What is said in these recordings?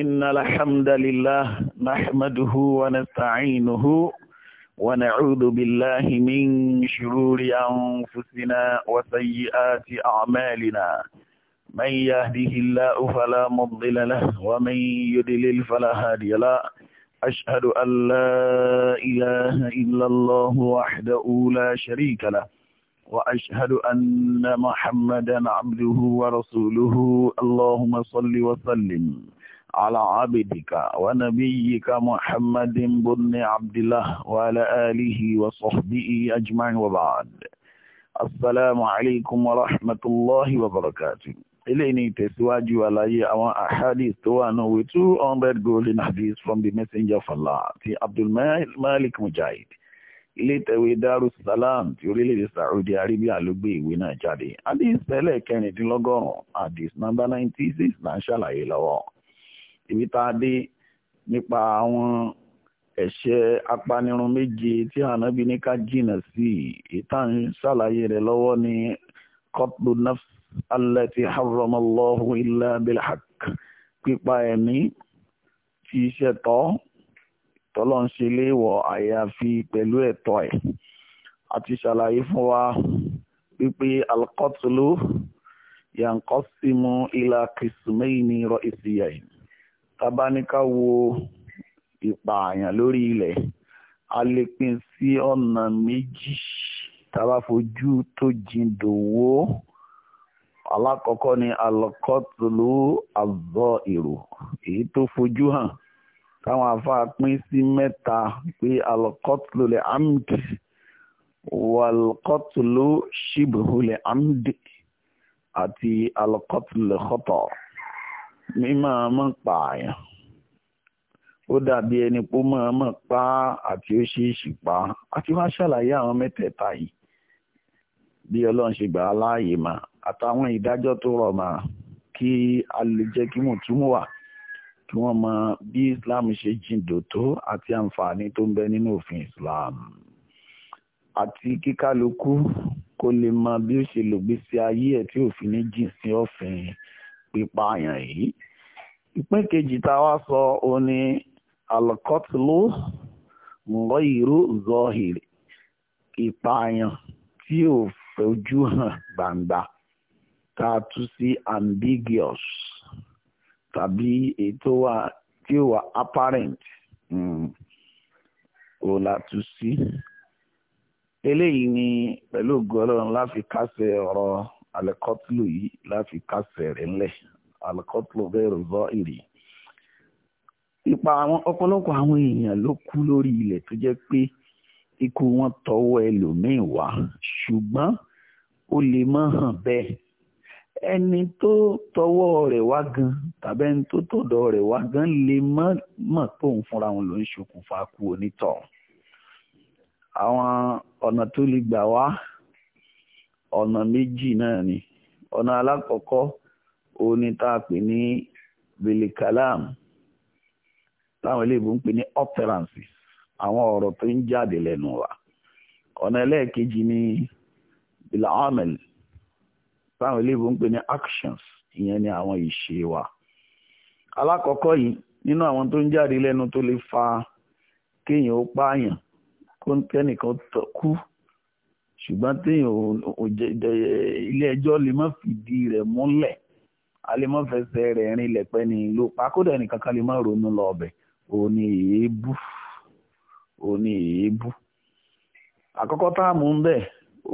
إن الحمد لله نحمده ونستعينه ونعوذ بالله من شرور أنفسنا وسيئات أعمالنا من يهده الله فلا مضل له ومن يدلل فلا هادي له أشهد أن لا إله إلا الله وحده لا شريك له وأشهد أن محمدا عبده ورسوله اللهم صل وسلم على عبدك ونبيك محمد بن عبد الله وعلى آله وصحبه أجمعين وبعد السلام عليكم ورحمة الله وبركاته إليني ni ìtẹ̀síwájú àlàyé أحاديث ahadith tó wà golden hadith from the messenger of allah عبد abdulmalik mujahid ilé ìtẹ̀wé darussalam ti orílẹ̀-èdè saudi arabia ló gbé ìwé náà jáde hadith tẹ́lẹ̀ kẹrìndínlọ́gọ́rùn-ún hadith number ninety six là ṣàlàyé lọ́wọ́ èyí tá a dé nípa àwọn ẹ̀ṣẹ̀ apanirun méje tí ànábì ní ká jìnà sí ìta ń ṣàlàyé rẹ̀ lọ́wọ́ ní qatlu nafs allati harrama Allahu illa bilhaq pípa ẹ̀mí tí iṣẹ́ tọ́ tọ́lọ́ ń ṣe àyàfi pẹ̀lú ẹ̀tọ́ ẹ̀ àti ṣàlàyé fún wa pípé alqatlu yanqasimu ila qismayni ra'isiyayn tabaníká wo ìpààyàn lórí ilẹ̀ a lè pín sí ọ̀nà méjì tàbá fojú tó jindò wò alákọ̀ọ́kọ́ ni alọ́kọ́tòló àzọ́ èrò èyí tó fojú hàn táwọn afáà pín sí mẹ́ta pé alọ́kọ́tòló lè amdi wàlọ́kọ́tòló ṣìbùhù lè amdi àti alọ́kọ́tòló lè mímọ́ ọmọ pààyàn ó dàbí ẹni pó mọ́ ọmọ pa àti ó ṣeéṣì pa àti wá ṣàlàyé àwọn mẹ́tẹ̀ẹ̀ta yìí bí ọlọ́run ṣe gbà á láàyè mà àtàwọn ìdájọ́ tó rọ̀ mà kí a lè jẹ́ kí mùtúmù wà kí wọ́n mọ bí Islam ṣe jìndò tó àti àǹfààní tó ń bẹ nínú òfin Islam àti kíkálukú kó lè mọ bí ó ṣe lògbé ayé ẹ̀ tí òfin ní jìn sí òfin pípààyàn yìí ìpín kejì tá a wá sọ ó ní alkotlo ngọ́yìrú zọ́hìrì ìpààyàn tí ò fojú hàn gbangba tá a tú sí ambiguous tàbí ètò wa tí ó wà apparent hmm. ò la tú sí eléyìí ni pẹ̀lú ògo ọlọ́run kásẹ̀ ọ̀rọ̀ alikọ́tìlù yìí láfi kásẹ̀ rẹ̀ lẹ̀ alikọ́tìlù bẹ́ẹ̀ rọ̀ zọ́ ìrì ipa àwọn ọ̀pọ̀lọpọ̀ àwọn èèyàn ló kú lórí ilẹ̀ tó jẹ́ pé ikú wọn tọwọ́ ẹlòmíín wá ṣùgbọ́n ó lè mọ́ hàn bẹ́ẹ̀ ẹni tó tọwọ́ rẹ̀ wá gan tàbí ẹni tó tọ̀dọ̀ rẹ̀ wá gan lè mọ́ mọ̀ pé òun fúnra wọn ló ń ṣokùnfà kú onítọ̀ àwọn ọ̀nà tó lè gbà wá ọ̀nà méjì náà ni ọ̀nà alákọ̀ọ́kọ́ òun ni tá a pè ní bilikalam táwọn ilé ìbò ń pè ní utterances àwọn ọ̀rọ̀ tó ń jáde lẹ́nu wa ọ̀nà ẹlẹ́ẹ̀kejì ni bilamel táwọn ilé ń pè ní actions ìyẹn ni àwọn ìṣe wa alákọ̀ọ́kọ́ yìí nínú àwọn tó ń jáde lẹ́nu tó lè fa kéèyàn ó pààyàn kó kẹ́nìkan kú ṣùgbọ́n téèyàn ilé ẹjọ́ lè má fìdí rẹ̀ múlẹ̀ a lè má fẹsẹ̀ rẹ̀ rinlẹ̀ pẹ́ ní ìlú pakódà nìkan kan lè má ronú lọ ọbẹ̀ òní èébú òní èébú àkọ́kọ́ táàmù ń bẹ̀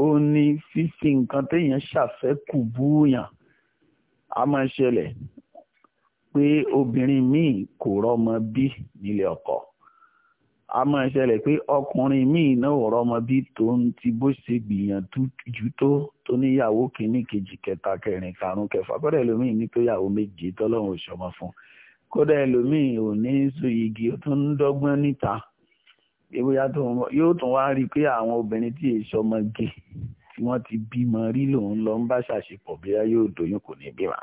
ó ní fífi nǹkan téèyàn ṣàfẹ́kù búùyàn a máa ṣẹlẹ̀ pé obìnrin míì kò rọ́mọ bí nílé ọkọ a máa ṣẹlẹ̀ pé ọkùnrin míì náà ọ̀rọ̀ ọmọ bí tòun ti bó ṣe gbìyànjú jù tó tó níyàwó kìíní kejì kẹta kẹrin karùn kẹfà kódà ẹlòmíì ní tó yàwó méje tọ́lọ́run òṣọmọ fún kódà ẹlòmíì ò ní so igi ó tún ń dọ́gbọ́n níta bóyá yóò tún wá rí i pé àwọn obìnrin tí èso ọmọ gé tí wọ́n ti bímọ rí lòun lọ ń bá ṣàṣepọ̀ bóyá yóò dòyún kò ní bímọ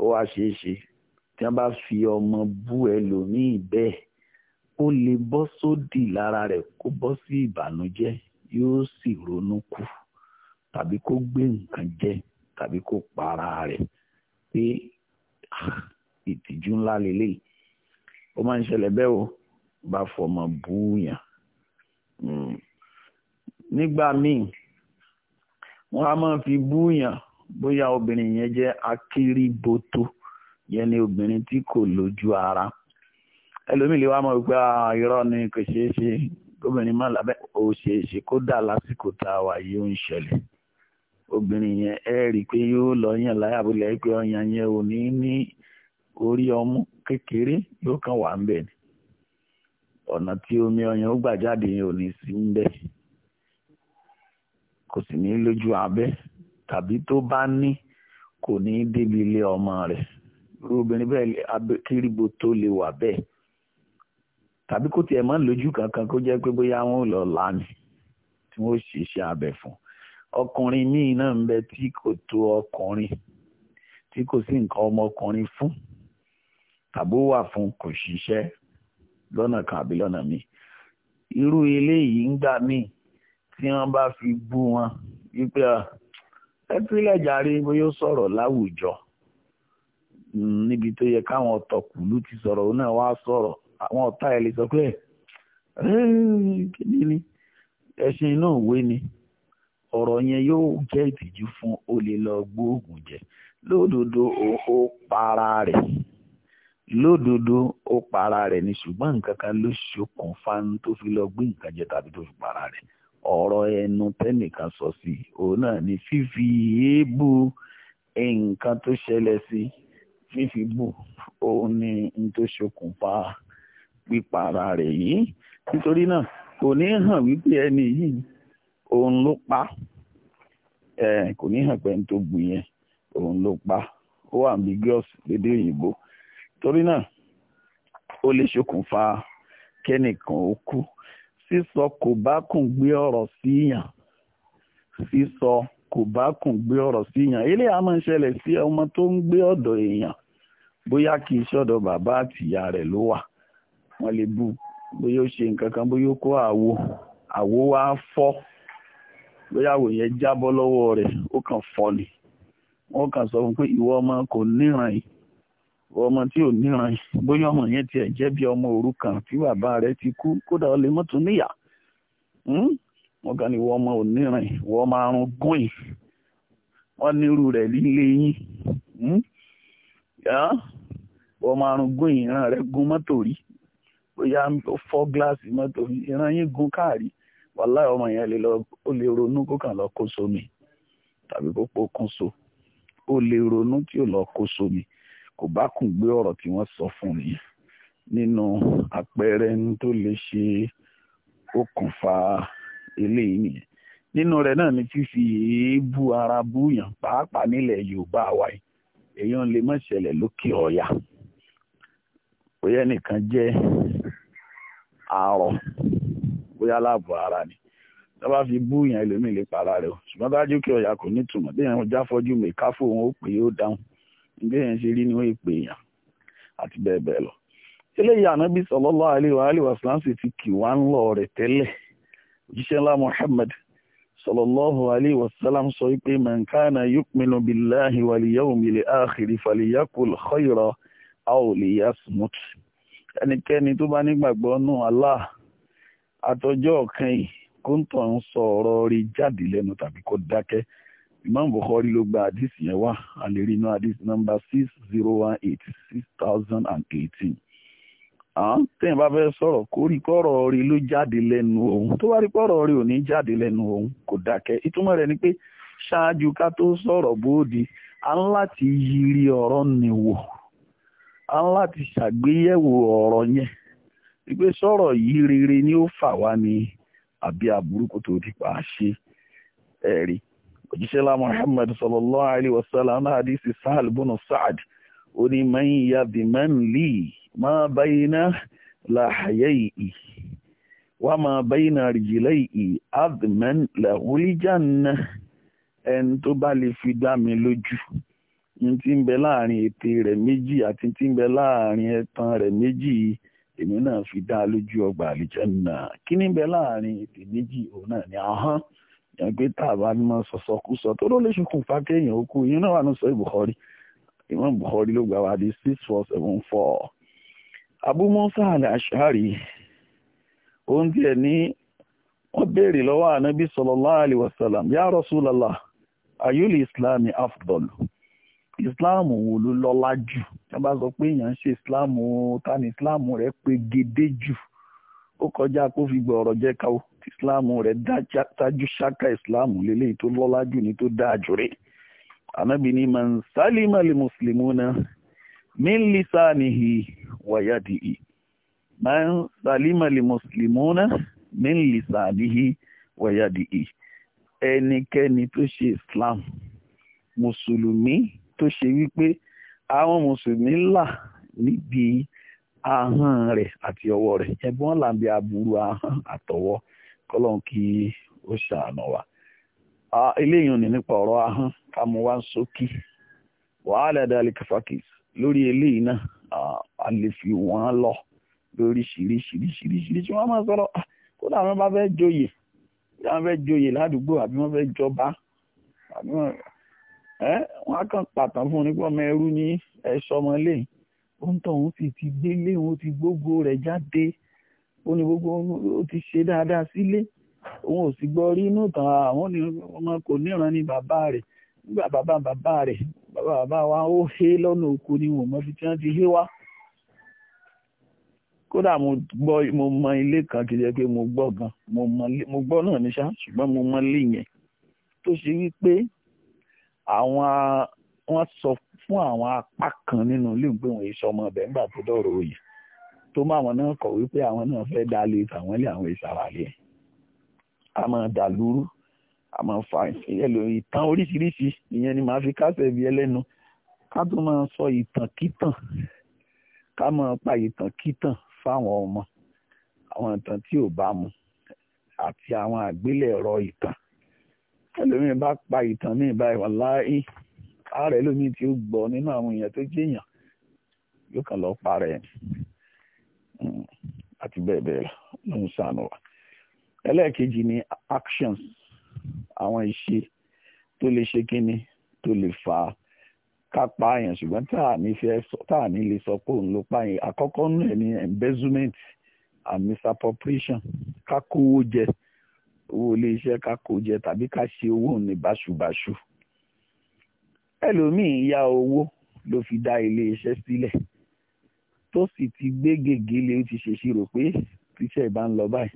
ó wá ṣeé tí wọ́n bá fi ọmọ bú ẹlòmíì bẹ́ẹ̀ ó lè bọ́ sódì lára rẹ̀ kó bọ́ sí ìbànújẹ́ yóò sì ronú kú tàbí kó gbé nǹkan jẹ tàbí kó para rẹ̀ pé ah, ìtìjú ńlá lélẹ̀ ó máa ń ṣẹlẹ̀ bẹ́ẹ̀ o bá fọmọ búùyàn hmm. nígbà míì wọ́n á máa fi búùyàn bóyá obìnrin yẹn jẹ́ akíríboto yẹn ni obìnrin tí kò lójú ara ẹlòmíì lè wá mọ̀ wípé ah, irọ́ kò ṣeé ṣe gómìnà má lásìkò tá a wà yìí ń ṣẹlẹ̀ obìnrin yẹn pé yóò lọ yàn pé ọyàn yẹn ní orí ọmú kékeré ni ọ̀nà tí omi ọyàn ó gbà jáde yẹn ò ní sí ń kò sì ní lójú tàbí kó tiẹ̀ mọ́ lójú kankan kó jẹ́ pé bóyá wọn ò lọ lánìí tí wọ́n ṣiṣẹ́ abẹ fún ọkùnrin míì náà ń bẹ tí kò tó ọkùnrin tí kò sí nǹkan ọmọkùnrin fún tàbó wà fún kò ṣiṣẹ́ lọ́nà kan àbí lọ́nà míì irú eléyìí ń gbà míì tí wọ́n bá fi bú wọn wípé ah, ẹ pínlẹ̀ jàre bóyá ó sọ̀rọ̀ láwùjọ hmm, níbi tó yẹ káwọn ọ̀tọ̀kùlú ti sọ̀rọ̀ òun náà wá sọ̀rọ̀ àwọn ọ̀tá ẹ̀ lè sọ pé kíni ni ẹṣin inú òwe ni ọ̀rọ̀ yẹn yóò jẹ́ ìtìjú fún o lè lọ gbóògùn jẹ lódodo ó para rẹ̀ lódodo ó para rẹ̀ ni ṣùgbọ́n nǹkan kan ló ṣokùnfà tó fi lọ gbé nǹkan jẹ tàbí tó fi para rẹ̀ ọ̀rọ̀ ẹnu tẹ́nìkan sọ sí òun náà ni fífi èébú nǹkan tó ṣẹlẹ̀ sí fífi bù òun ni n tó ṣokùnfà pípa ara rẹ̀ yìí nítorí náà kò ní hàn wípé ẹni yìí òun ló pa kò ní hàn pé ẹni tó gbìn yẹn òun ló pa ó wà ambiguous lédè òyìnbó torí náà ó lè ṣokùnfà kẹ́nìkan ó kú sísọ kò bá kùn gbé ọ̀rọ̀ síyàn sísọ kò bá kùn gbé ọ̀rọ̀ síyàn ilé àmọ́ ìṣẹ̀lẹ̀ sí ọmọ tó ń gbé ọ̀dọ̀ èèyàn bóyá kì í ṣọ̀dọ̀ bàbá àtìyá rẹ̀ ló wà wọ́n lè bu bóyá ó ṣe nǹkan kan bóyá ó kó àwo àwo wá fọ́ bóyá àwo yẹn jábọ́ lọ́wọ́ rẹ̀ ó kàn fọ́ ni wọ́n kàn sọ fún pé ìwọ ọmọ kò níran yìí ìwọ ọmọ tí ò níran yìí bóyá ọmọ yẹn tiẹ̀ jẹ́ bí ọmọ tí bàbá ti kú kódà ó lè níyà hmm? wọ́n kàn ní ìwọ ọmọ ò níran yìí ìwọ ọmọ arún gún yìí wọ́n nírú rẹ̀ líle yín hmm? ìwọ ọmọ arún bóyá ó fọ́ gíláàsì mọ́tò ìran yín gun káàrí wàhálà ọmọ yẹn lè lọ ó lè ronú kó kàn lọ kó sómi tàbí kó pó kún so ó lè ronú tí ò lọ kó sómi kò bá kùn gbé ọ̀rọ̀ tí wọ́n sọ fún mi nínú àpẹẹrẹ ní tó lè ṣe okùnfà eléyìí nìyẹn nínú rẹ̀ náà ni fífi èébú ara búyàn pàápàá nílẹ̀ Yorùbá wa yìí èèyàn lè má ṣẹlẹ̀ lókè ọ̀yà bóyá nìkan jẹ́ àárọ̀ bóyá láàbò ara ni tó bá fi bú yẹn ẹlòmíì lè para rẹ̀ o ṣùgbọ́n dájú kí ọ̀yà kò ní túmọ̀ bí yẹn jáfọ́jú mi káfó òun ó pè é ó dáhùn bí yẹn ṣe rí ni ó pè yàn àti bẹ́ẹ̀ bẹ́ẹ̀ lọ. eléyìí ànábì sallallahu alaihi wa alihi wasallam ti kì wá ń lọ rẹ̀ tẹ́lẹ̀ òjíṣẹ́ ńlá Muhammad sallallahu alaihi wasallam sọ pé man kana yu'minu billahi wal yawmil akhir falyakul khayran aw liyasmut ẹnikẹ́ni tó bá nígbàgbọ́ nù Allah àtọjọ́ ọ̀kan yìí kó ń tàn ń sọ ọ̀rọ̀ rí jáde lẹ́nu tàbí kó dákẹ́ Imam Bukhari ló gba àdìsí yẹn wá àlérí inú àdìsí nọ́mbà six zero one eight six thousand and eighteen àwọn tẹ̀yìn bá fẹ́ sọ̀rọ̀ kó rí pọ̀rọ̀ rí ló jáde lẹ́nu òun tó bá rí pọ̀rọ̀ rí ò ní jáde lẹ́nu òun kò dákẹ́ ìtumọ̀ rẹ̀ ni pé ṣáájú ká tó sọ̀rọ̀ bóòdì à ń láti yiri ọ̀rọ̀ nìwò a ń láti ṣàgbéyẹ̀wò ọ̀rọ̀ yẹn wípé sọ̀rọ̀ yìí rere ni ó fà wá ní àbí aburú tó di pa á ṣe ẹ̀rí òjíṣẹ́ lá Muhammad sallallahu alaihi hadisi Sahal bùnú Sa'ad ó ní man yadhman li ma wa ma bayna rijlayi adhman lahu al-jannah ẹni tó bá lè fi dá mi lójú. ní ti ń bẹ láàrin ètè rẹ̀ méjì àti ti ń bẹ láàrin ẹ̀tàn rẹ̀ méjì èmi náà fi dá lójú ọgbà àlùjánnà kí ní bẹ láàrin ètè méjì òun náà ni ahọ́n yẹn pé tá a bá ní mọ sọsọ kú sọ tó ló lè ṣokùnfà kéèyàn ó kú ìyẹn náà wà ní sọ Bukhari Imam Bukhari ló gbà wá di six four seven four Abu Musa al-Ash'ari òun tiẹ̀ ní wọ́n béèrè lọ́wọ́ ànábì sallallahu alaihi wasallam ya Rasulallah ayúlì islámi afdol Islamu wo ló lọ́lá jù tí wọ́n bá sọ pé èèyàn ń ṣe Islamu ta ni islam rẹ̀ pé gédé jù ó kọjá kó fi gbọ̀rọ̀ jẹ́ ká o islam rẹ̀ dájú ṣáká islam lélẹ́yìí tó lọ́lá jù ní tó dáa jù rẹ̀ ànábì ni man salima li muslimuna min lisanihi wa yadihi man salima li muslimuna min lisanihi wa yadihi ẹnikẹ́ni tó ṣe islam mùsùlùmí tó ṣe wípé àwọn mùsùlùmí là níbi ahọ́n rẹ̀ àti ọwọ́ rẹ̀ ẹ̀bùn làǹbí aburú ahọ́n àtọwọ́ kọ́lọ́n kí ó ṣàánú wa. eléyìí ni nípa ọ̀rọ̀ ahọ́n ká mú wá sókè wàhálà dálé kàfàkìs lórí eléyìí náà a lè fi wọ́n lọ lóríṣiríṣiríṣiríṣi wọ́n máa sọ̀rọ̀ ah, kódà wọ́n bá fẹ́ joyè wọ́n fẹ́ joyè ládùúgbò àbí wọ́n fẹ́ jọba àbí wọ́n wọ́n á kàn pàtàn fún un nípa ọmọ ẹrú ní ẹ̀ṣọ́ ọmọ lẹ́yìn ó ń tọ̀ òun sì ti gbélé òun ti gbógo rẹ̀ jáde ó ní gbogbo ó ti ṣe dáadáa sílé òun ò sì gbọ́ rí inú ìtàn àwọn ọmọ kò níran ní bàbá rẹ̀ nígbà bàbá bàbá rẹ̀ bàbá bàbá wa ó hé lọ́nà oko ni wọn ò mọ̀ fi tí wọ́n ti hé wá kódà mo gbọ́ mo mọ ilé kan kì í jẹ́ pé mo gbọ́ gan mo gbọ́ náà ní sá ṣùgbọ́n mo mọ ilé yẹn tó ṣe wípé àwọn wọ́n sọ fún àwọn apá kan nínú ilé ìgbé wọn èso ọmọ ọbẹ̀ nígbà tó dọ̀rọ̀ òye tó má àwọn náà kọ̀ wípé àwọn náà fẹ́ dá lé tàwọn ilé àwọn ìsàwàlẹ̀ a máa dà lúrú a máa fa ẹlò ìtàn oríṣiríṣi ìyẹn ni màá fi kásẹ̀ bí ẹlẹ́nu ká tún máa sọ ìtàn kítàn ká máa pa ìtàn kítàn fáwọn ọmọ àwọn ìtàn tí ò bá mu àti àwọn àgbélẹ̀rọ ìtàn ẹlòmíì bá pa ìtàn míì báyìí wà láàyè ààrẹ ẹlòmíì tí ó gbọ́ nínú àwọn èèyàn tó jẹ́yàn yóò kàn lọ́ọ́ parẹ́ hmm, àti bẹ́ẹ̀ bẹ́ẹ̀ ló ń sànù wa ẹlẹ́ẹ̀kejì ni actions àwọn ìṣe tó lè ṣe kíni tó lè fà á ká pààyàn ṣùgbọ́n tá à ní fẹ́ tá à ní lè sọ pé òun ló pààyàn àkọ́kọ́ nù ẹ̀ ní embezzlement and misappropriation ká kówó jẹ owó ilé iṣẹ́ ká kó jẹ tàbí ká ṣe owó ní báṣubàṣu ẹlòmíì ya owó ló fi dá ilé iṣẹ́ sílẹ̀ tó sì ti gbé gègé lé ó ti ṣèṣirò pé tíṣẹ́ ìbá ń lọ báyìí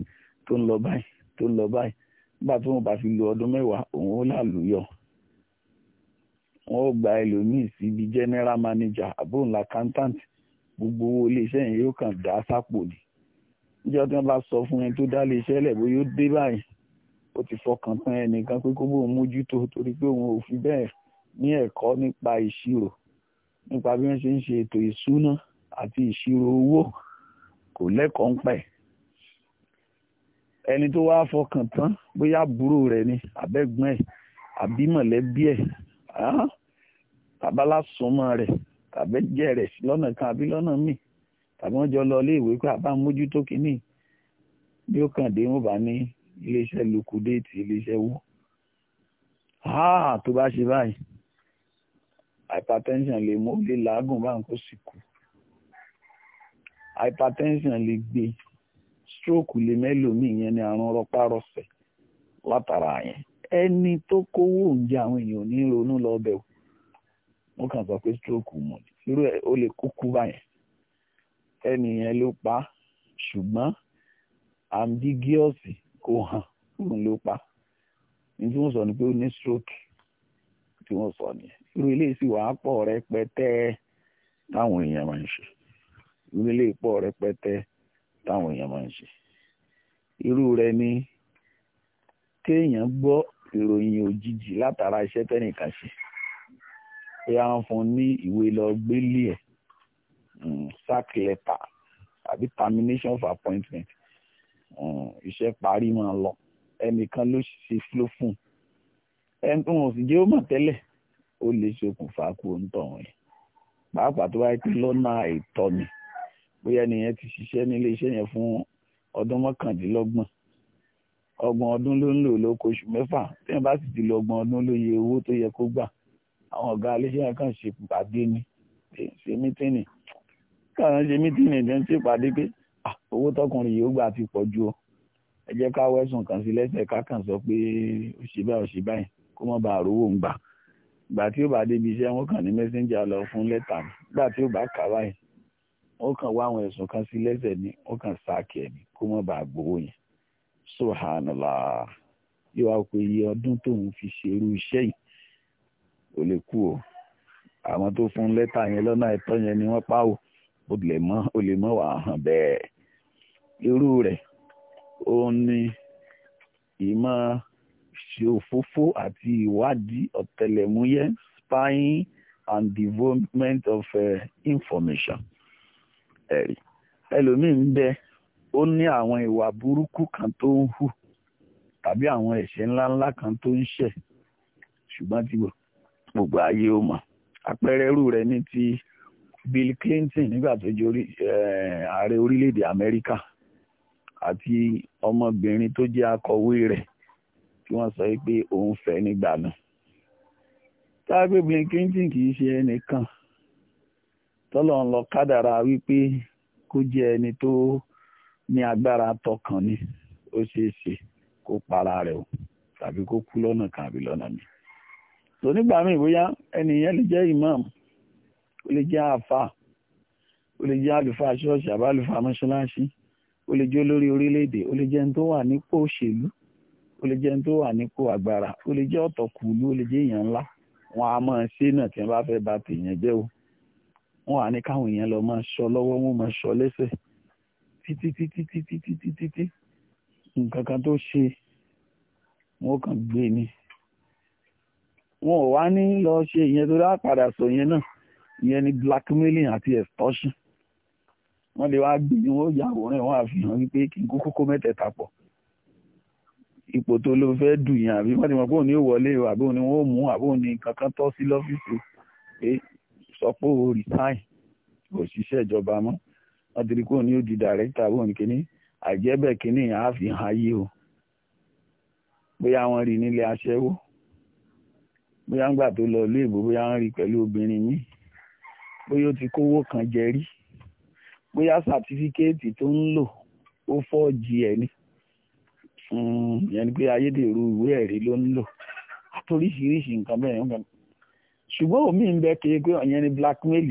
tó ń lọ báyìí tó ń lọ báyìí nígbà tó wọn bá fi lo ọdún mẹ́wàá òun ó lálùyọ wọn ó gba ẹlòmíì síbi general manager àbóńlá accountant gbogbo owó iléeṣẹ́ yẹn yóò kàn dá sápò ni níjọ́ tí wọ́n bá sọ fún ẹni tó dá iléeṣẹ́ lẹ̀ bó yóò dé báyìí ó ti fọkàn tán ẹnìkan pé kó bóun mójútó torí pé òun ò fi bẹ́ẹ̀ ní ẹ̀kọ́ nípa ìṣirò nípa bí wọ́n ṣe ń ṣe ètò ìṣúná àti ìṣirò owó kò lẹ́kọ̀ọ́ ń pẹ̀ ẹni tó wá fọkàn tán bóyá àbúrò rẹ̀ ni àbẹ́gbọ́n ẹ̀ àbí mọ̀lẹ́bí ẹ̀ tàbálásùnmọ́ rẹ̀ tàbí jẹ́ rẹ̀ lọ́nà kan àbí lọ́nà míì tàbí wọ́n jọ lọ ilé ìwé pé àbá mójútó kínní bí ó kàn dé wọn bá ní iléeṣẹ́ lukudéètì iléeṣẹ́ wó ah, tó bá ṣe báyìí hypertension lè mú lè làágùn bá nǹkan sì kú hypertension lè gbé stroke lè mẹ́lòmíì yẹn ni àrùn rọpárọsẹ̀ látara yẹn ẹni tó kówó oúnjẹ àwọn èèyàn ní ronú lọ bẹ̀ wọ́n kàn sọ pé stroke mọ̀ irú ẹ̀ ó lè kúkú báyẹn ẹni yẹn ló pa ṣùgbọ́n ambiguous kó hàn òun ló pa ní tí wọ́n sọ ni pé ó ní stroke tí wọ́n sọ nìyẹn irú ilé sì wàá pọ̀ rẹpẹtẹ táwọn èèyàn máa ń ṣe irú ilé pọ̀ rẹpẹtẹ táwọn èèyàn máa ń ṣe irú rẹ̀ ni kéèyàn gbọ́ ìròyìn òjijì látara iṣẹ́ tẹ́nìkan ṣe pé a fún ní ìwé lọ gbélé ẹ̀ hmm, sack letter àbí termination of appointment Eh, iṣẹ́ parí máa lọ ẹnìkan ló ṣe flow fún ẹni tó wọn ò sì jẹ́ ó mọ̀ tẹ́lẹ̀ ó lè ṣokùnfà kú ó ń tọ̀ wọ́n yẹn pàápàá tó wáyé pé lọ́nà àìtọ́ ni bóyá ẹnìyẹn ti ṣiṣẹ́ nílé iṣẹ́ yẹn fún ọdún mọ́kàndínlọ́gbọ̀n ọgbọ̀n ọdún ló ń lò lóko oṣù mẹ́fà téèyàn bá sì ti lo ọgbọ̀n ọdún ló yẹ owó tó yẹ kó gbà àwọn ọ̀gá iléeṣẹ́ yẹn kàn ṣe pàdé ni ṣe mítìnì kàn ṣe mítìnì ìjọ ń ṣe pàdé pé owó tọkùnrin yìí ó gbà ti pọ̀ ju o ẹ jẹ́ ká wẹ́sùn kàn sí lẹ́sẹ̀ ká kàn sọ pé ó ṣe báyìí ó ṣe báyìí kó má bàa rówó ń gbà gbà tí ó bá débi iṣẹ́ wọn kàn ní mẹ́sẹ́ńjà lọ fún lẹ́tà gbà tí ó bá kà báyìí wọ́n kàn wá àwọn ẹ̀sùn kan sí lẹ́sẹ̀ ni wọ́n kàn sáàkì ẹ̀ ni kó má bàa gbowó yẹn subhanallah yóò wá pé iye ọdún tóun fi ṣerú iṣẹ́ yìí ò lè kú o àwọn tó fún lẹ́tà yẹn lọ́nà ẹ̀tọ́ yẹn ni wọ́n pa ò ó lè mọ́ wàá hàn bẹ́ẹ̀ irú rẹ̀ òun ni ìmọ̀ ṣòfófó àti ìwádìí ọ̀tẹlẹ̀múyẹ́ spying and development of uh, information ẹ̀rí ẹlòmíín bẹ ó ní àwọn ìwà burúkú kan tó ń hù tàbí àwọn ẹ̀ṣẹ̀ ńláńlá kan tó ń ṣẹ̀ ṣùgbọ́n tí gbogbo ayé ó mọ̀ àpẹẹrẹ irú rẹ̀ ní ti Bill Clinton nígbà tó jẹ́ eh, ààrẹ orílẹ̀-èdè Amẹ́ríkà àti ọmọbìnrin tó jẹ́ akọ̀wé rẹ̀ tí wọ́n sọ pé òun fẹ́ nígbà náà tágbé blinkenton kì í ṣe ẹnìkan tọ́lọ̀ ń lọ kádàrá wípé kó jẹ́ ẹni tó ní agbára tọkàn ni ó ṣeé ṣe kó para rẹ̀ o tàbí kó kú lọ́nà kan àbí lọ́nà mi so nígbà míì bóyá ẹnìyẹn lè jẹ́ imam ó lè jẹ́ àáfàá ó lè jẹ́ àlùfáà ṣọ́ọ̀ṣì àbálùfáà mọ́ṣáláṣí ó lè jẹ́ olórí orílẹ̀-èdè ó lè jẹ́ ẹni tó wà nípò òṣèlú ó lè jẹ́ ẹni tó wà nípò agbára ó lè jẹ́ ọ̀tọ̀kùlú ó lè jẹ́ èèyàn ńlá wọn a máa ṣe náà tí wọn bá fẹ́ ba tèèyàn jẹ́ o wọn à ní káwọn èèyàn lọ máa ṣọ lọ́wọ́ wọn máa ṣọ lẹ́sẹ̀ títí títí títí títí títí nǹkan kan tó ṣe wọn kàn gbé ni wọn ò wá ní lọ ṣe ìyẹn tó dá padà sọ yẹn náà ìyẹn ni blackmailing àti extortion wọ́n lè wá gbé ní wọ́n yà àwòrán ẹ̀ wọ́n àfihàn wípé kí n kó kókó mẹ́tẹ̀ẹ̀ta pọ̀ ipò tó ló fẹ́ dùn yàn àbí wọ́n ti mọ̀ pé òun ní wọlé o àbí òun ni wọ́n mú àbí òun ni kankan tọ́ sí lọ́fíìsì pé sọ pé o resign òṣìṣẹ́ ìjọba mọ́ wọ́n ti rí pé òun ni ó di director àbí òun ni kíní àìjẹ́bẹ̀ kíní àáfihàn ayé o bóyá wọ́n rí nílé aṣẹ́wó bóyá ń gbà tó lọ ilé ìbò bóyá wọ́n rí pẹ̀lú obìnrin míì bóyá ó ti kówó kan jẹ rí bóyá sàtífíkéètì tó ń lò ó fọ́ọ̀jì ẹ̀ ni hmm, ìyẹn ni pé ayédèrú ìwé ẹ̀rí ló ń lò àtòríṣiríṣi nǹkan bẹ́ẹ̀ ń gbọ́n ṣùgbọ́n omi ń bẹ kéye pé ọ̀yẹn ni blackmail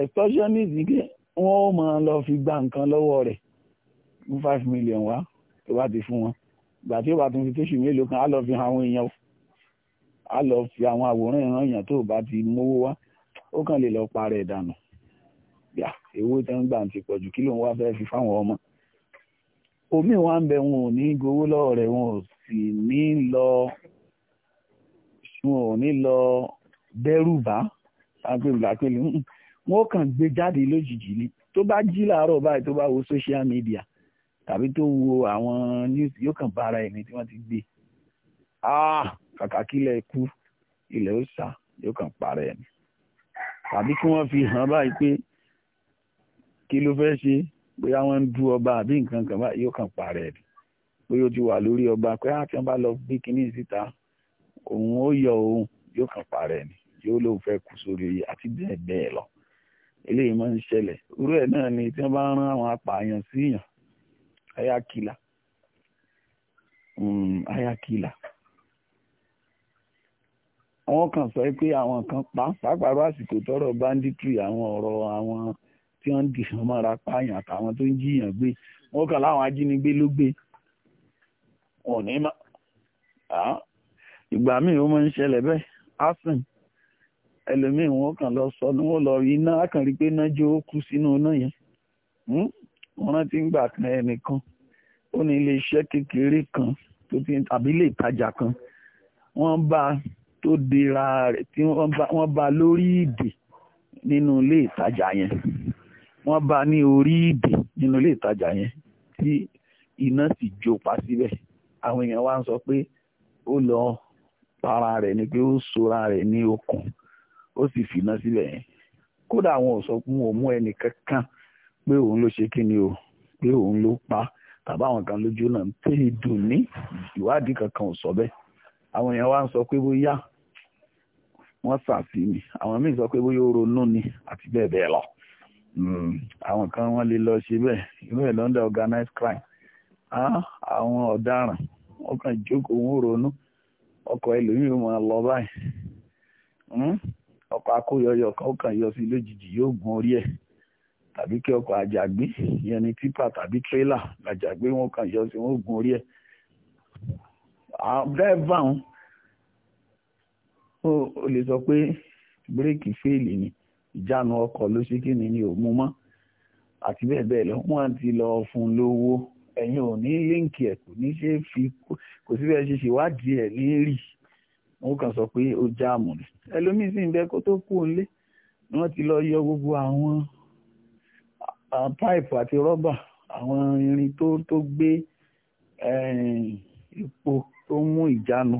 extortionist ni pé wọ́n ó máa lọ fi gba nǹkan lọ́wọ́ rẹ̀ fún five million wá tó bá ti fún wọn ìgbà tí ó bá tún fi tóṣù mélòó kan á lọ fi hàn àwọn èèyàn á lọ fi àwọn àwòrán ìran èèyàn tó bá ti mówó wá ó kàn lè lọ parẹ́ ìdànù Ah, gbà owó tí wọ́n gbà ń ti pọ̀ jù kí lóun wá fẹ́ fi fáwọn ọmọ omi wa ń bẹ wọn ò ní gbowó lọ́wọ́ rẹ̀ wọn ò sì ní lọ wọn ò ní lọ bẹ́rù bá lápẹ̀lú lápẹ̀lú hmm, wọn kàn gbé jáde lójijì ni tó bá jí làárọ̀ báyìí tó bá wo social media tàbí tó wo àwọn news yóò kàn bára ẹni tí wọ́n ti gbé ah, kàkà kílẹ̀ kú ilẹ̀ ó sá yóò kàn parẹ́ ẹni tàbí kí wọ́n fi hàn báyìí pé kí ló fẹ́ ṣe bóyá wọ́n ń du ọba àbí nǹkan kan báyìí yóò kàn parẹ́ rẹ̀ bóyá ó ti wà lórí ọba pé á ah, tí wọ́n bá lọ bí kinní síta òun ó yọ òun yóò kàn parẹ́ ni yóò lóun fẹ́ kú sórí oyè àti bẹ́ẹ̀ bẹ́ẹ̀ lọ eléyìí máa ń ṣẹlẹ̀ irú ẹ̀ náà ni tí wọ́n bá rán àwọn apààyàn síyàn ayákìlá hmm, ayákìlá àwọn kan sọ pé àwọn kan pa pàápàá àsìkò tọrọ banditry àwọn ọ̀rọ̀ àwọn tí wọ́n ń dì wọ́n mọ́ra pààyàn àtàwọn tó ń jiyàn gbé wọ́n kàn láwọn ajínigbé ló gbé wọn ò ní ìgbà míì ó máa ń ṣẹlẹ̀ bẹ́ẹ̀ asin ẹlòmíì wọn kàn lọ sọ ni wọn lọ rí iná akànrí pé iná jó kú sínú iná yẹn hmm? wọn rántí ń gbà kan ẹnìkan ó ní ilé iṣẹ́ kékeré kan tó ti tàbí ilé ìtajà kan wọ́n bá tó dira rẹ̀ tí wọ́n bá lórí ìdè nínú ilé ìtajà yẹn wọ́n bá ní orí ìdè nínú ilé ìtajà yẹn tí iná sì jó pa síbẹ̀ àwọn èèyàn wá ń sọ pé ó lọ para rẹ̀ ni pé ó sora rẹ̀ ní okùn ó sì fìná síbẹ̀ yẹn kódà àwọn ò sọ pé òun mú ẹnì kankan pé òun ló ṣe kí o pé òun ló pa tàbí àwọn kan lójú náà ń pè é dùn ní ìwádìí kankan ò sọ bẹ́ẹ̀ àwọn èèyàn wá ń sọ pé bóyá wọ́n sàfihàn àwọn míì sọ pé bóyá ó ronú ni àti bẹ́ẹ̀ bẹ́ẹ̀ lọ. Hmm, àwọn kan wọ́n lè lọ ṣe bẹ́ẹ̀ irú ẹ̀ lọ́ndà organized crime àwọn ọ̀daràn wọ́n kàn jókòó wọn ronú ọkọ̀ ẹlòmíì ó máa lọ báyìí hmm, ọkọ̀ akóyọyọ kan ó yọ sí lójijì yóò gun orí ẹ̀ tàbí kí ọkọ̀ àjàgbé yẹn ni tipa tàbí tírélà àjàgbé wọn kàn yọ sí wọn ó gun orí ẹ̀ dẹ́ẹ̀bà wọn ó lè sọ pé bírèkì fèèlì ni. ìjánu ọkọ̀ ló ṣe kí ni ni ò mú mọ́ àti bẹ́ẹ̀ bẹ́ẹ̀ lọ wọ́n ti lọ fún lówó ẹ̀yin ò ní líǹkì ẹ̀ kò ní ṣe fi kò sí bẹ́ẹ̀ ṣe ṣèwádìí ẹ̀ ní rì wọ́n kàn sọ pé ó jáàmù ni ẹlòmíín sì ń bẹ kó tó kú nílé ni ti lọ yọ gbogbo àwọn páìpù àti rọ́bà àwọn irin tó tó gbé epo tó mú ìjánu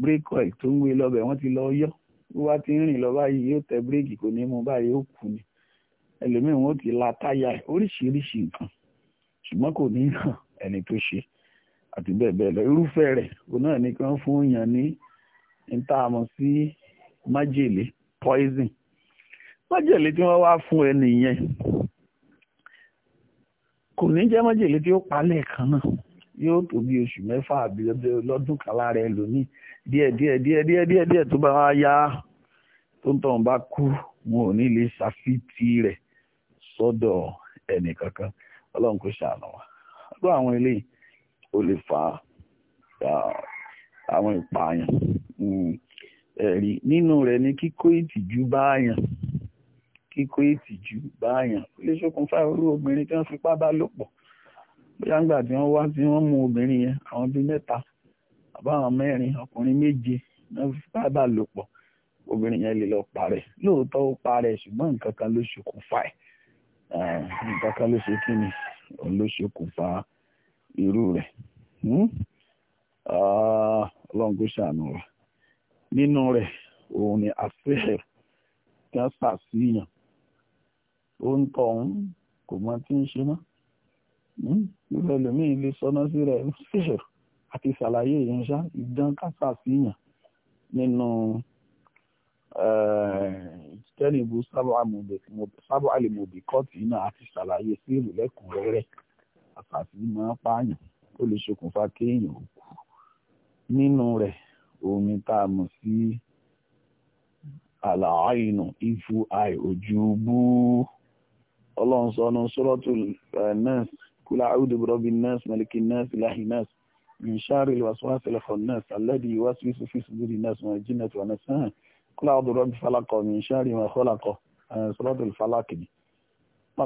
bírèkọ̀ tó ń gbé lọ́bẹ̀ wọ́n ti lọ yọ wíwá ti ń rìn lọ báyìí yóò tẹ bíréèkì kò ní mú báyìí ó kú ni ẹlòmíràn ó ti la táyà oríṣiríṣi nǹkan ṣùgbọ́n kò ní hàn ẹni tó ṣe àti bẹ́ẹ̀ bẹ́ẹ̀ lọ irúfẹ́ rẹ̀ òun náà nìkan fún yàn ní ntaàmọ̀ sí májèlé poison májèlé tí wọ́n wá fún ẹni yẹn kò ní jẹ́ májèlé tí ó pa lẹ́ẹ̀kan náà yóò tó bí oṣù mẹ́fà àbí lọ́dún kan lára ẹlòmíì díẹ̀ díẹ̀ díẹ̀ díẹ̀ díẹ̀ díẹ̀ tó bá wá yá tó ń tọ́wọ́n bá kú wọn ò ní lè ṣàfitì rẹ̀ sọ́dọ̀ ẹnì kankan ọlọ́run kò ṣàánú wa lọ́dọ̀ àwọn eléyìí ó lè fa àwọn ìpààyàn hmm. ẹ̀rí nínú rẹ̀ ni kíkó ìtìjú báàyàn kíkó ìtìjú báàyàn ó lè ṣokùnfà irú obìnrin tí wọ́n fipá bá lò pọ̀ bóyá ńgbà tí wọ́n wá tí wọ́n mú obìnrin yẹn àwọn bíi mẹ́ta àbáwọn mẹ́rin ọkùnrin méje wọ́n fipá bá lò obìnrin yẹn lè lọ parẹ́ lóòótọ́ ó parẹ́ ṣùgbọ́n nǹkan kan ló ṣokùnfà ẹ̀ nǹkan kan ló ṣe kí ni òun ló ṣokùnfà irú rẹ̀ hmm? ah, ọlọ́run kò ṣàánú rẹ̀ nínú rẹ̀ òun ni àṣehẹ̀ kí wọ́n ṣàṣìyàn ó ń tọ̀ ọ́n kò mọ tí ń ṣe mọ́ hmm? irú ẹlòmíì lè sọná sí rẹ̀ ṣehẹ̀ àti ṣàlàyé ìyẹn ìdán ká ṣàṣìyàn nínú tẹ́nìbù sábọ̀ àlèmọ̀bì kọ́ọ̀tì náà àti ṣàlàyé sí ìlú lẹ́kùnrẹ́rẹ́ àfàtì máa pààyàn ó lè ṣokùnfà kéèyàn ó kú nínú rẹ̀ omi tá a mọ̀ sí àlàáìnù ifu àì ojú bú ọlọ́run sọ ọ́nà sọ́rọ́tù nurse kúlà áwùdù bọ́bí nurse mẹ́lìkì nurse láhì nurse min sharri al-waswasi al-khannas alladhi yuwaswisu fi suduri an-nas min al-jinnati wan kúláàdù rọ́bì falakọ̀ mi iṣẹ́ rí wọn kọ́lákọ̀ sọ́lọ́dù falakì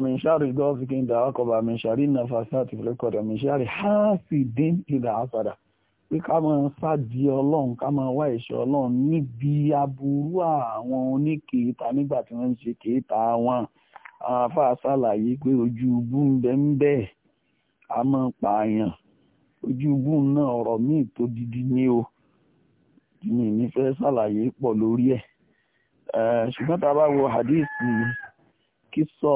min ṣáàrì gọ́ọ̀sìkì ìdá ọkọ̀bà min ṣàrí nàfà sí àti fìlẹ́kọ̀dà min ṣàrí háàsì dín ìdá àsàdà pé ká máa sáàdì ọlọ́run ká máa wá ìṣọ́ ọlọ́run níbi aburú àwọn oníkèéta nígbà tí wọ́n ń ṣe kèéta wọn afa ṣàlàyé pé ojú ubú ń bẹ ń bẹ a máa pààyàn ojú ubú náà ọ̀rọ̀ míì tó didi ní o. mi ní fẹ́ ṣàlàyé pọ̀ lórí ẹ̀ ṣùgbọ́n tá a bá wo hadith kí sọ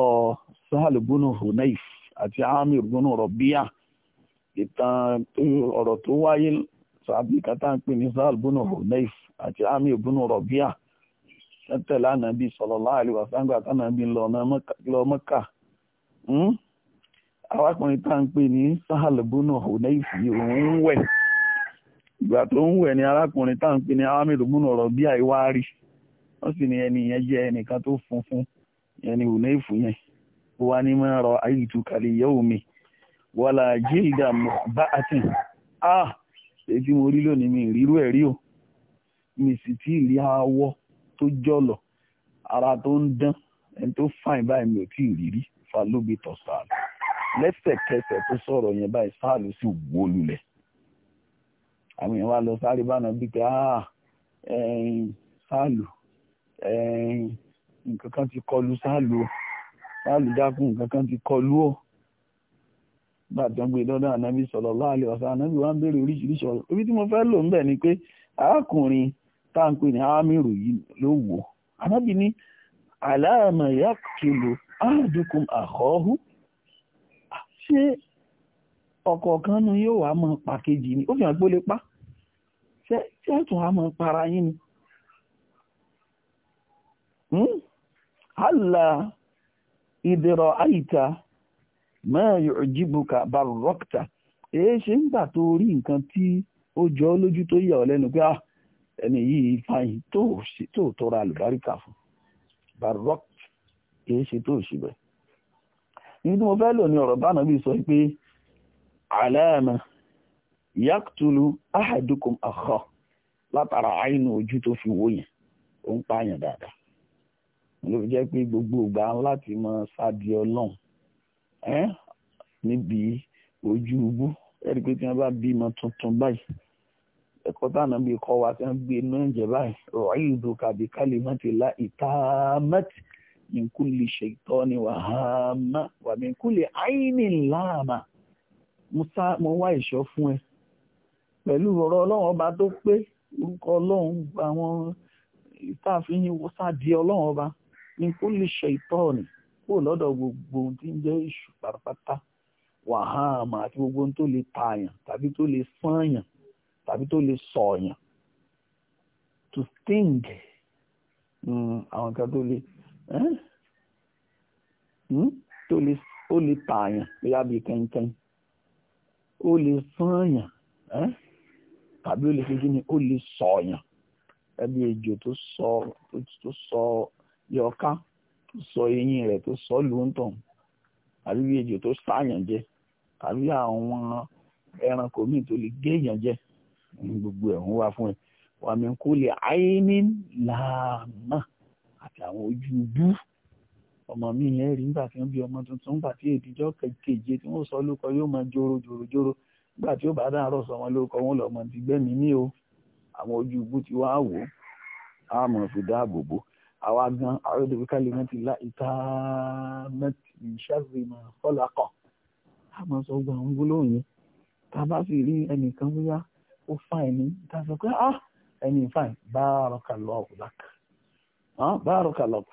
sahal bunu hunayf àti amir bunu rọ̀bíà ìtàn ọ̀rọ̀ tó wáyé sàbí kátà ń pè ní sahal bunu hunayf àti amir rọ̀bíà tẹ́tẹ̀lá lọ hmm? tá ń pè ní sahal ìgbà tó ń wẹ̀ ní arákùnrin tá à ń pè ní ahmed múnà ọ̀rọ̀ bí àìwá rí wọ́n sì ní ẹni yẹn jẹ́ ẹnìkan tó funfun yẹn ni òun èèfù yẹn ó wá ní máa rọ àyètú kàlẹ̀ ìyẹ́wò mi wàlà jíìdà bá a tì á èyí mo rí lónìí mi ìrírú ẹ̀ rí o mi sì tí ì rí awọ tó jọ̀lọ̀ ara tó ń dán ẹni tó fàìn báyìí mi ò tí ì rí rí fa lóbi tọ̀ sáà lẹ́sẹ̀kẹsẹ̀ tó sọ̀rọ̀ yẹn báyìí sáà ló sì wó àwọn èèyàn wá lọ sáré bá nàbí pé ah, sáàlù nǹkan kan ti kọlu sáàlù sáàlù dákun nǹkan kan ti kọlu ó gbàtàn gbé dọ́dọ̀ ànábì sallallahu alaihi wasallam ànábì wá ń béèrè oríṣiríṣi ọ̀rọ̀ tí mo fẹ́ lò ń bẹ̀ ni pé arákùnrin táǹpé ní ámìrò yìí ló wò ànábì ní àlàmà yàtúlò ṣé ọ̀kọ̀ọ̀kan nu yóò wá mọ̀ pàkejì ni ó fi hàn gbólé pa ṣé ẹ̀tún wá mọ̀ para yín ni hàlà hmm? ìdẹ̀rọ̀ àyíta mẹ́rin òjìbùkà barokta èé ṣe ń gbà tó rí nǹkan tí ó jọ lójú tó yà ọ́ lẹ́nu pé ah, ẹni yìí fàyìn tó tọrọ àlùbáríkà fún barokta èé ṣe tó ṣe bẹ́ẹ̀ mo fẹ́ lò ní ọ̀rọ̀ àlẹ́ẹ̀mẹ́ yàtúlù ahadukum akha látara àìnù ojú tó fi wó yẹn ó ń pààyàn dáadáa ló fi jẹ́ pé gbogbo ìgbà láti mọ sádi ọlọ́run níbi ojú ubú ẹ̀rí pé tí wọ́n bá bímọ tuntun báyìí ẹ̀kọ́ táwọn bíi kọ́ wa tí wọ́n gbé inú ẹ̀jẹ̀ báyìí rọ̀ọ́yì ìdókà bíi kálímọ́tì la ìtààmẹ́tì min kulli shaytani wàhámà wa min kulli àìní láàmà mo wá ìṣọ́ fún ẹ pẹ̀lú ọ̀rọ̀ ọlọ́run ọba tó pé orúkọ ọlọ́run àwọn ìtàfihàn sádìí ọlọ́run ọba ní kó lè ṣe ìtọ́ọ̀nì kúrò lọ́dọ̀ gbogbo ohun tí ń jẹ́ ìṣù pátápátá wàhálà àti gbogbo ohun tó lè tààyàn tàbí tó lè sànyàn tàbí tó lè sọ̀yàn to sting hmm, àwọn nǹkan tó lè hmm, tó lè tààyàn bóyá bíi kẹ́ńkẹ́ń ó lè fọ́ọ̀yàn tàbí ó lè fi gíní ó lè sọ̀ọ̀yàn ẹbí ejò tó sọ tó sọ yọká tó sọ eyín rẹ̀ tó sọ lóńtàn tàbí bí ejò tó sààyàn jẹ tàbí àwọn ẹranko míì tó lè géèyàn jẹ gbogbo ẹ̀ ń wá fún ẹ wàmí kó lè àyíní làámà àti àwọn ojú bú ọmọ mi yẹn rí nígbà tí wọ́n bí ọmọ tuntun nígbà tí èdìjọ́ keje tí wọ́n sọ lóko yóò máa joro joro joro nígbà tí ó bá dáhàrọ̀ sọ wọn lóko wọn lọ́mọ ti gbẹ́mí ní o àwọn ojú ibú ti wá wò ó a mọ̀ fi dáàbò bò àwa gan àròdò wíkà lè la ìta mẹ́tì ṣáàfì mọ̀ kọ́lá kọ̀ a mọ̀ sọ gbà ń gbólóhùn yẹn tá a bá sì rí ẹnìkan wíyá ó fáìn ní tá sọ pé ah, ẹni fáìn báárọ̀ kà lọ́ọ̀kù lákà báárọ̀ kà lọ́ọ̀kù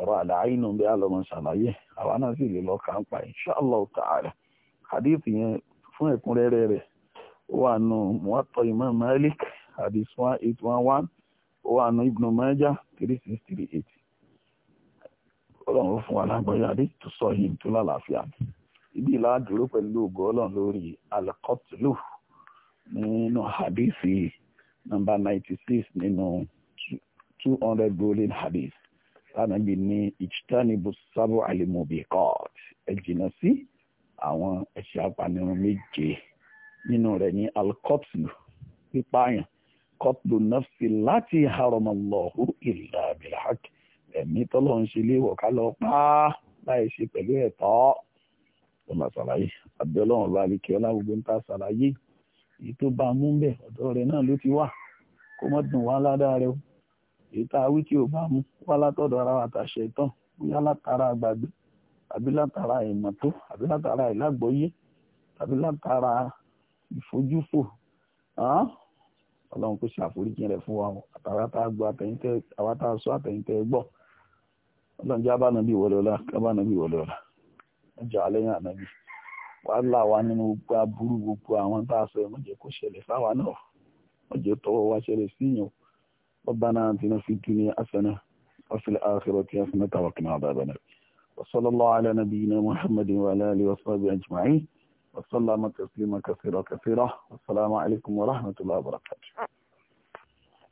ọ̀rọ̀ àdáyínú bí a lọ́mọ ṣàlàyé àwa náà sì lè lọ kà ń pa inshallah ta'ala hadith yẹn fún ẹ̀kúnrẹ́rẹ́ rẹ̀ ó wà nù muwatta imam malik hadith one eight one one ó wà nù ibn majah three six three eight ọlọ́run fún wa lágbọ́yé hadith tó sọ yìí tó lálàáfíà ibi ìlà dúró pẹ̀lú ògo ọlọ́run lórí al nínú hadith nọ́mbà ninety six nínú two hundred golden hadith tánàbí ní ìtítánibù sábò àlèmọ̀bìkọ́t ẹ jìnnà sí àwọn ẹ̀ṣẹ̀ apanirun méje nínú rẹ̀ ní alkọ́tù pípààyàn kọ́tù nọ́ọ̀sì láti haramallahu illa bilhaq ẹ̀mí tọ́lọ́ ń ṣe léwọ̀ ká lọ pa á láì ṣe pẹ̀lú ẹ̀tọ́ ọ̀nà àṣàlàyé àbẹ́ọ́lọ́run ọba àlekẹ́ ọlá gbogbo ń ta àṣàlàyé èyí bá a mú bẹ́ẹ̀ ọ̀dọ́ rẹ̀ náà ló ti wà kó mọ́ dùn wá ládàá rẹ̀ o èyí tá a wí tí ò bá mú wá látọ̀dọ̀ ara wa tàṣẹ tán bóyá látara àgbàgbé àbí látara ìmọ̀tó àbí látara ìlágbọ́yé àbí látara ìfojúfò ọlọ́run kò ṣe àforíjì rẹ̀ fún wa o àtàrà tá a gbọ́ àtẹ̀yìntẹ́ àwa tá a sọ àtẹ̀yìntẹ́ gbọ́ ọlọ́run jẹ́ abánabi ìwọlé ọlá kábánabi ìwọlé ọlá ọjà àlẹ́yìn ànábi wàhálà wa nínú gbogbo aburú gbogbo àwọn tá a sọ ẹ̀ mọ̀jẹ̀ kó ṣẹlẹ̀ fáwa náà mọ̀jẹ̀ tọwọ́ wa ṣẹlẹ̀ síyàn ربنا آتنا في الدنيا حسنة وفي الآخرة حسنة وقنا عذاب النار وصلى الله على نبينا محمد وعلى آله وصحبه أجمعين وسلم تسليما كثيرا كثيرا والسلام عليكم ورحمة الله وبركاته